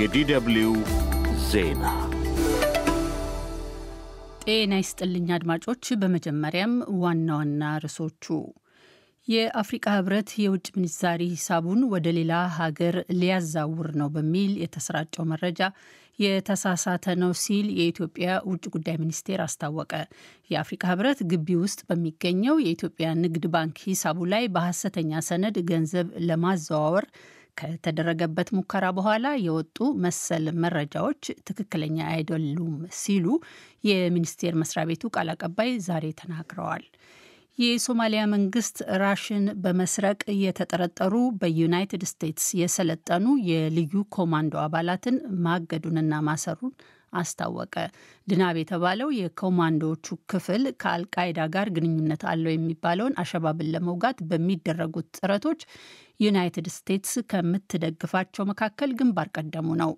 የዲደብልዩ ዜና ጤና ይስጥልኝ አድማጮች። በመጀመሪያም ዋና ዋና ርዕሶቹ የአፍሪቃ ህብረት የውጭ ምንዛሪ ሂሳቡን ወደ ሌላ ሀገር ሊያዛውር ነው በሚል የተሰራጨው መረጃ የተሳሳተ ነው ሲል የኢትዮጵያ ውጭ ጉዳይ ሚኒስቴር አስታወቀ። የአፍሪካ ህብረት ግቢ ውስጥ በሚገኘው የኢትዮጵያ ንግድ ባንክ ሂሳቡ ላይ በሐሰተኛ ሰነድ ገንዘብ ለማዘዋወር ከተደረገበት ሙከራ በኋላ የወጡ መሰል መረጃዎች ትክክለኛ አይደሉም ሲሉ የሚኒስቴር መስሪያ ቤቱ ቃል አቀባይ ዛሬ ተናግረዋል። የሶማሊያ መንግስት ራሽን በመስረቅ የተጠረጠሩ በዩናይትድ ስቴትስ የሰለጠኑ የልዩ ኮማንዶ አባላትን ማገዱንና ማሰሩን አስታወቀ። ድናብ የተባለው የኮማንዶዎቹ ክፍል ከአልቃይዳ ጋር ግንኙነት አለው የሚባለውን አሸባብን ለመውጋት በሚደረጉት ጥረቶች ዩናይትድ ስቴትስ ከምትደግፋቸው መካከል ግንባር ቀደሙ ነው።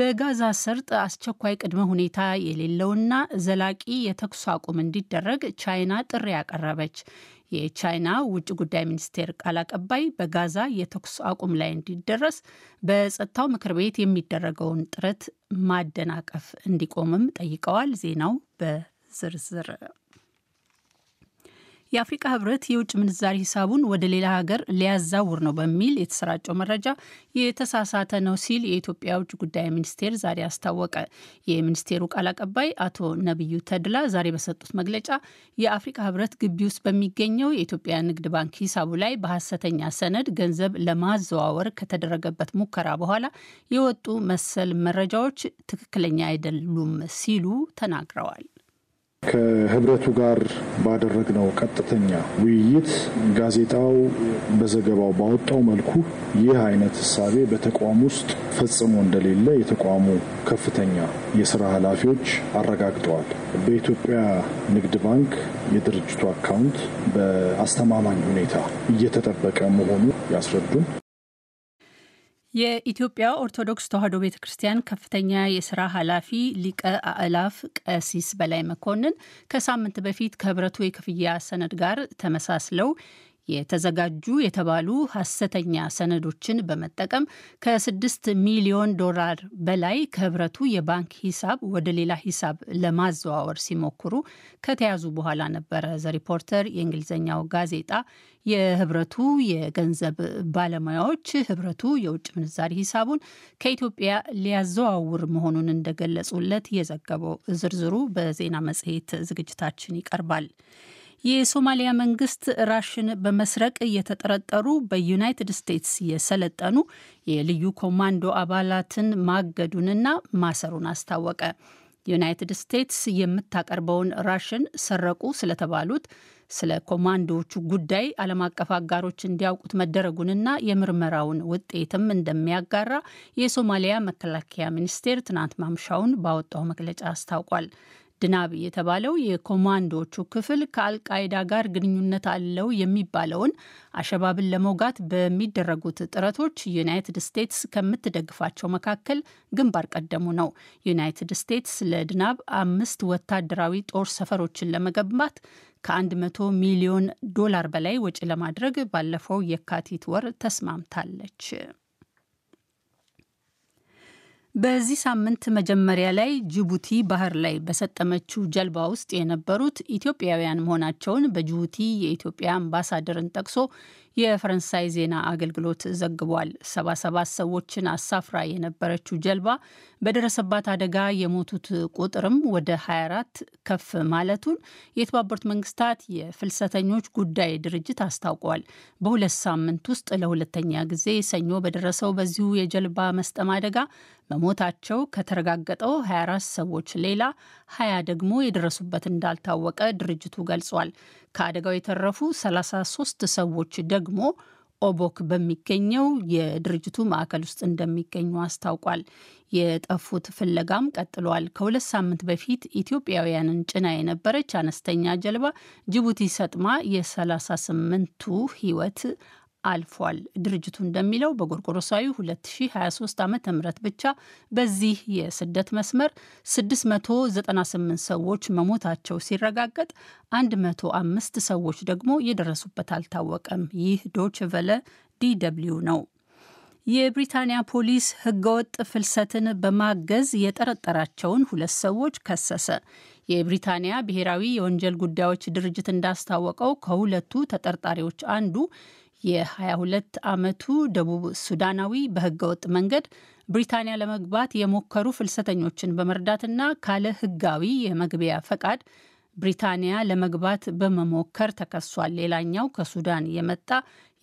በጋዛ ሰርጥ አስቸኳይ ቅድመ ሁኔታ የሌለውና ዘላቂ የተኩስ አቁም እንዲደረግ ቻይና ጥሪ ያቀረበች የቻይና ውጭ ጉዳይ ሚኒስቴር ቃል አቀባይ በጋዛ የተኩስ አቁም ላይ እንዲደረስ በጸጥታው ምክር ቤት የሚደረገውን ጥረት ማደናቀፍ እንዲቆምም ጠይቀዋል። ዜናው በዝርዝር የአፍሪካ ህብረት የውጭ ምንዛሪ ሂሳቡን ወደ ሌላ ሀገር ሊያዛውር ነው በሚል የተሰራጨው መረጃ የተሳሳተ ነው ሲል የኢትዮጵያ ውጭ ጉዳይ ሚኒስቴር ዛሬ አስታወቀ። የሚኒስቴሩ ቃል አቀባይ አቶ ነቢዩ ተድላ ዛሬ በሰጡት መግለጫ የአፍሪካ ህብረት ግቢ ውስጥ በሚገኘው የኢትዮጵያ ንግድ ባንክ ሂሳቡ ላይ በሐሰተኛ ሰነድ ገንዘብ ለማዘዋወር ከተደረገበት ሙከራ በኋላ የወጡ መሰል መረጃዎች ትክክለኛ አይደሉም ሲሉ ተናግረዋል። ከህብረቱ ጋር ባደረግነው ቀጥተኛ ውይይት ጋዜጣው በዘገባው ባወጣው መልኩ ይህ አይነት እሳቤ በተቋም ውስጥ ፈጽሞ እንደሌለ የተቋሙ ከፍተኛ የስራ ኃላፊዎች አረጋግጠዋል። በኢትዮጵያ ንግድ ባንክ የድርጅቱ አካውንት በአስተማማኝ ሁኔታ እየተጠበቀ መሆኑ ያስረዱን የኢትዮጵያ ኦርቶዶክስ ተዋሕዶ ቤተ ክርስቲያን ከፍተኛ የስራ ኃላፊ ሊቀ አእላፍ ቀሲስ በላይ መኮንን ከሳምንት በፊት ከህብረቱ የክፍያ ሰነድ ጋር ተመሳስለው የተዘጋጁ የተባሉ ሐሰተኛ ሰነዶችን በመጠቀም ከስድስት ሚሊዮን ዶላር በላይ ከህብረቱ የባንክ ሂሳብ ወደ ሌላ ሂሳብ ለማዘዋወር ሲሞክሩ ከተያዙ በኋላ ነበረ ዘ ሪፖርተር የእንግሊዝኛው ጋዜጣ የህብረቱ የገንዘብ ባለሙያዎች ህብረቱ የውጭ ምንዛሪ ሂሳቡን ከኢትዮጵያ ሊያዘዋውር መሆኑን እንደገለጹለት የዘገበው። ዝርዝሩ በዜና መጽሔት ዝግጅታችን ይቀርባል። የሶማሊያ መንግስት ራሽን በመስረቅ እየተጠረጠሩ በዩናይትድ ስቴትስ የሰለጠኑ የልዩ ኮማንዶ አባላትን ማገዱንና ማሰሩን አስታወቀ። ዩናይትድ ስቴትስ የምታቀርበውን ራሽን ሰረቁ ስለተባሉት ስለ ኮማንዶዎቹ ጉዳይ ዓለም አቀፍ አጋሮች እንዲያውቁት መደረጉንና የምርመራውን ውጤትም እንደሚያጋራ የሶማሊያ መከላከያ ሚኒስቴር ትናንት ማምሻውን ባወጣው መግለጫ አስታውቋል። ድናብ የተባለው የኮማንዶዎቹ ክፍል ከአልቃይዳ ጋር ግንኙነት አለው የሚባለውን አሸባብን ለመውጋት በሚደረጉት ጥረቶች ዩናይትድ ስቴትስ ከምትደግፋቸው መካከል ግንባር ቀደሙ ነው። ዩናይትድ ስቴትስ ለድናብ አምስት ወታደራዊ ጦር ሰፈሮችን ለመገንባት ከ100 ሚሊዮን ዶላር በላይ ወጪ ለማድረግ ባለፈው የካቲት ወር ተስማምታለች። በዚህ ሳምንት መጀመሪያ ላይ ጅቡቲ ባህር ላይ በሰጠመችው ጀልባ ውስጥ የነበሩት ኢትዮጵያውያን መሆናቸውን በጅቡቲ የኢትዮጵያ አምባሳደርን ጠቅሶ የፈረንሳይ ዜና አገልግሎት ዘግቧል። 77 ሰዎችን አሳፍራ የነበረችው ጀልባ በደረሰባት አደጋ የሞቱት ቁጥርም ወደ 24 ከፍ ማለቱን የተባበሩት መንግስታት የፍልሰተኞች ጉዳይ ድርጅት አስታውቋል። በሁለት ሳምንት ውስጥ ለሁለተኛ ጊዜ ሰኞ በደረሰው በዚሁ የጀልባ መስጠም አደጋ መሞታቸው ከተረጋገጠው 24 ሰዎች ሌላ 20 ደግሞ የደረሱበት እንዳልታወቀ ድርጅቱ ገልጿል። ከአደጋው የተረፉ 33 ሰዎች ደግሞ ኦቦክ በሚገኘው የድርጅቱ ማዕከል ውስጥ እንደሚገኙ አስታውቋል። የጠፉት ፍለጋም ቀጥሏል። ከሁለት ሳምንት በፊት ኢትዮጵያውያንን ጭና የነበረች አነስተኛ ጀልባ ጅቡቲ ሰጥማ የ38ቱ ሕይወት አልፏል። ድርጅቱ እንደሚለው በጎርጎሮሳዊ 2023 ዓ ም ብቻ በዚህ የስደት መስመር 698 ሰዎች መሞታቸው ሲረጋገጥ 105 ሰዎች ደግሞ የደረሱበት አልታወቀም። ይህ ዶች ቨለ ዲደብሊው ነው። የብሪታንያ ፖሊስ ህገወጥ ፍልሰትን በማገዝ የጠረጠራቸውን ሁለት ሰዎች ከሰሰ። የብሪታንያ ብሔራዊ የወንጀል ጉዳዮች ድርጅት እንዳስታወቀው ከሁለቱ ተጠርጣሪዎች አንዱ የ22 ዓመቱ ደቡብ ሱዳናዊ በህገወጥ መንገድ ብሪታንያ ለመግባት የሞከሩ ፍልሰተኞችን በመርዳትና ካለ ህጋዊ የመግቢያ ፈቃድ ብሪታንያ ለመግባት በመሞከር ተከሷል። ሌላኛው ከሱዳን የመጣ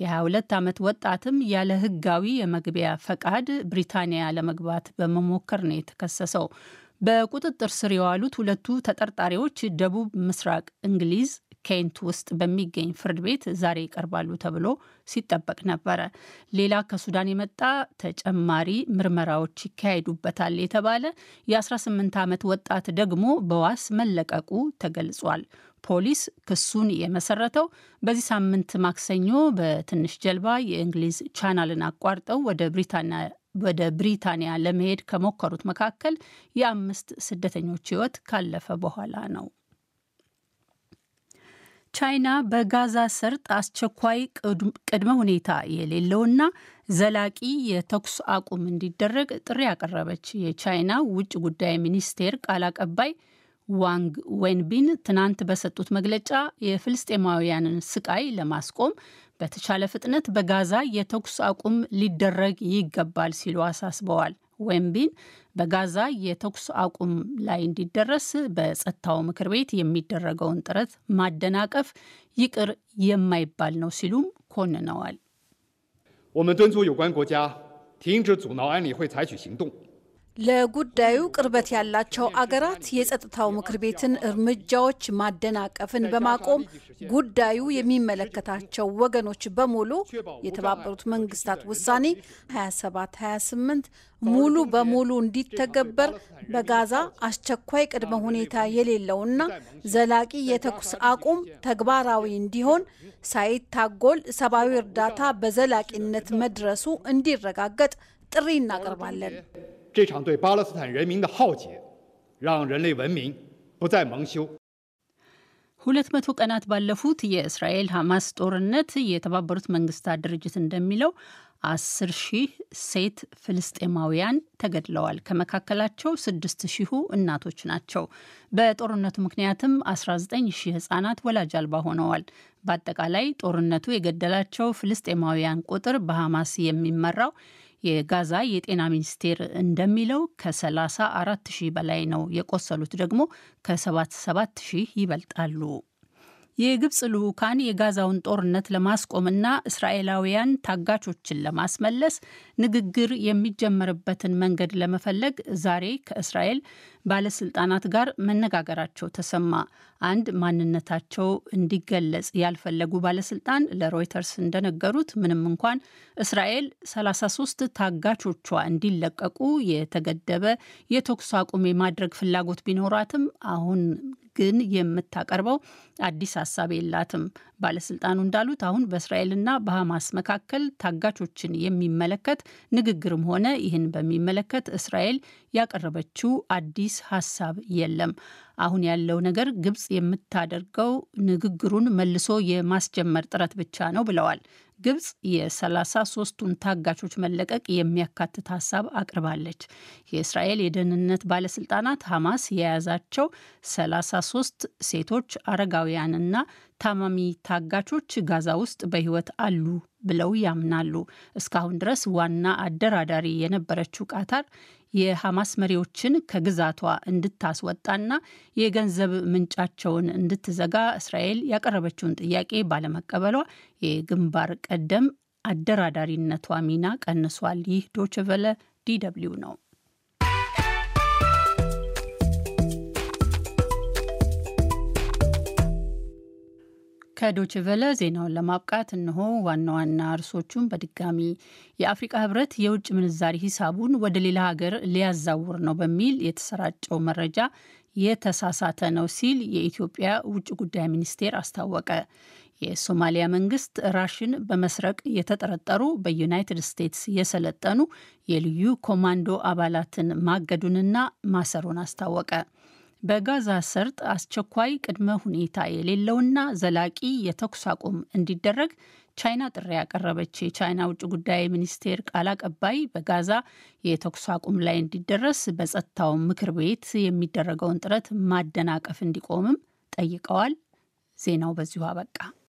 የ22 ዓመት ወጣትም ያለ ህጋዊ የመግቢያ ፈቃድ ብሪታንያ ለመግባት በመሞከር ነው የተከሰሰው። በቁጥጥር ስር የዋሉት ሁለቱ ተጠርጣሪዎች ደቡብ ምስራቅ እንግሊዝ ኬንት ውስጥ በሚገኝ ፍርድ ቤት ዛሬ ይቀርባሉ ተብሎ ሲጠበቅ ነበረ። ሌላ ከሱዳን የመጣ ተጨማሪ ምርመራዎች ይካሄዱበታል የተባለ የ18 ዓመት ወጣት ደግሞ በዋስ መለቀቁ ተገልጿል። ፖሊስ ክሱን የመሰረተው በዚህ ሳምንት ማክሰኞ በትንሽ ጀልባ የእንግሊዝ ቻናልን አቋርጠው ወደ ብሪታንያ ወደ ብሪታንያ ለመሄድ ከሞከሩት መካከል የአምስት ስደተኞች ሕይወት ካለፈ በኋላ ነው። ቻይና በጋዛ ሰርጥ አስቸኳይ ቅድመ ሁኔታ የሌለውና ዘላቂ የተኩስ አቁም እንዲደረግ ጥሪ ያቀረበች። የቻይና ውጭ ጉዳይ ሚኒስቴር ቃል አቀባይ ዋንግ ዌንቢን ትናንት በሰጡት መግለጫ የፍልስጤማውያንን ስቃይ ለማስቆም በተቻለ ፍጥነት በጋዛ የተኩስ አቁም ሊደረግ ይገባል ሲሉ አሳስበዋል። ወምቢን በጋዛ የተኩስ አቁም ላይ እንዲደረስ በጸጥታው ምክር ቤት የሚደረገውን ጥረት ማደናቀፍ ይቅር የማይባል ነው ሲሉም ኮንነዋል። ለጉዳዩ ቅርበት ያላቸው አገራት የጸጥታው ምክር ቤትን እርምጃዎች ማደናቀፍን በማቆም ጉዳዩ የሚመለከታቸው ወገኖች በሙሉ የተባበሩት መንግስታት ውሳኔ 2728 ሙሉ በሙሉ እንዲተገበር በጋዛ አስቸኳይ ቅድመ ሁኔታ የሌለውና ዘላቂ የተኩስ አቁም ተግባራዊ እንዲሆን ሳይታጎል ሰብአዊ እርዳታ በዘላቂነት መድረሱ እንዲረጋገጥ ጥሪ እናቀርባለን። 这场对巴勒斯坦人民的浩劫，让人类文明不再蒙羞。ሁለት መቶ ቀናት ባለፉት የእስራኤል ሐማስ ጦርነት የተባበሩት መንግስታት ድርጅት እንደሚለው አስር ሺህ ሴት ፍልስጤማውያን ተገድለዋል። ከመካከላቸው ስድስት ሺሁ እናቶች ናቸው። በጦርነቱ ምክንያትም 19 ሺህ ህጻናት ወላጅ አልባ ሆነዋል። በአጠቃላይ ጦርነቱ የገደላቸው ፍልስጤማውያን ቁጥር በሐማስ የሚመራው የጋዛ የጤና ሚኒስቴር እንደሚለው ከ34 ሺህ በላይ ነው። የቆሰሉት ደግሞ ከ77 ሺህ ይበልጣሉ። የግብፅ ልዑካን የጋዛውን ጦርነት ለማስቆምና እስራኤላውያን ታጋቾችን ለማስመለስ ንግግር የሚጀመርበትን መንገድ ለመፈለግ ዛሬ ከእስራኤል ባለስልጣናት ጋር መነጋገራቸው ተሰማ። አንድ ማንነታቸው እንዲገለጽ ያልፈለጉ ባለስልጣን ለሮይተርስ እንደነገሩት ምንም እንኳን እስራኤል 33 ታጋቾቿ እንዲለቀቁ የተገደበ የተኩስ አቁም የማድረግ ፍላጎት ቢኖራትም አሁን ግን የምታቀርበው አዲስ ሀሳብ የላትም። ባለስልጣኑ እንዳሉት አሁን በእስራኤልና በሐማስ መካከል ታጋቾችን የሚመለከት ንግግርም ሆነ ይህን በሚመለከት እስራኤል ያቀረበችው አዲስ ሀሳብ የለም። አሁን ያለው ነገር ግብጽ የምታደርገው ንግግሩን መልሶ የማስጀመር ጥረት ብቻ ነው ብለዋል። ግብጽ የ 33 ታጋቾች መለቀቅ የሚያካትት ሀሳብ አቅርባለች። የእስራኤል የደህንነት ባለስልጣናት ሐማስ የያዛቸው 33 ሴቶች፣ አረጋውያንና ታማሚ ታጋቾች ጋዛ ውስጥ በህይወት አሉ ብለው ያምናሉ። እስካሁን ድረስ ዋና አደራዳሪ የነበረችው ቃታር የሐማስ መሪዎችን ከግዛቷ እንድታስወጣና የገንዘብ ምንጫቸውን እንድትዘጋ እስራኤል ያቀረበችውን ጥያቄ ባለመቀበሏ የግንባር ቀደም አደራዳሪነቷ ሚና ቀንሷል። ይህ ዶችቨለ ዲ ነው። ከዶችቨለ ዜናውን ለማብቃት እነሆ ዋና ዋና እርሶቹን በድጋሚ የአፍሪቃ ህብረት የውጭ ምንዛሪ ሂሳቡን ወደ ሌላ ሀገር ሊያዛውር ነው በሚል የተሰራጨው መረጃ የተሳሳተ ነው ሲል የኢትዮጵያ ውጭ ጉዳይ ሚኒስቴር አስታወቀ። የሶማሊያ መንግስት ራሽን በመስረቅ የተጠረጠሩ በዩናይትድ ስቴትስ የሰለጠኑ የልዩ ኮማንዶ አባላትን ማገዱንና ማሰሩን አስታወቀ። በጋዛ ሰርጥ አስቸኳይ ቅድመ ሁኔታ የሌለውና ዘላቂ የተኩስ አቁም እንዲደረግ ቻይና ጥሪ ያቀረበች። የቻይና ውጭ ጉዳይ ሚኒስቴር ቃል አቀባይ በጋዛ የተኩስ አቁም ላይ እንዲደረስ በጸጥታው ምክር ቤት የሚደረገውን ጥረት ማደናቀፍ እንዲቆምም ጠይቀዋል። ዜናው በዚሁ አበቃ።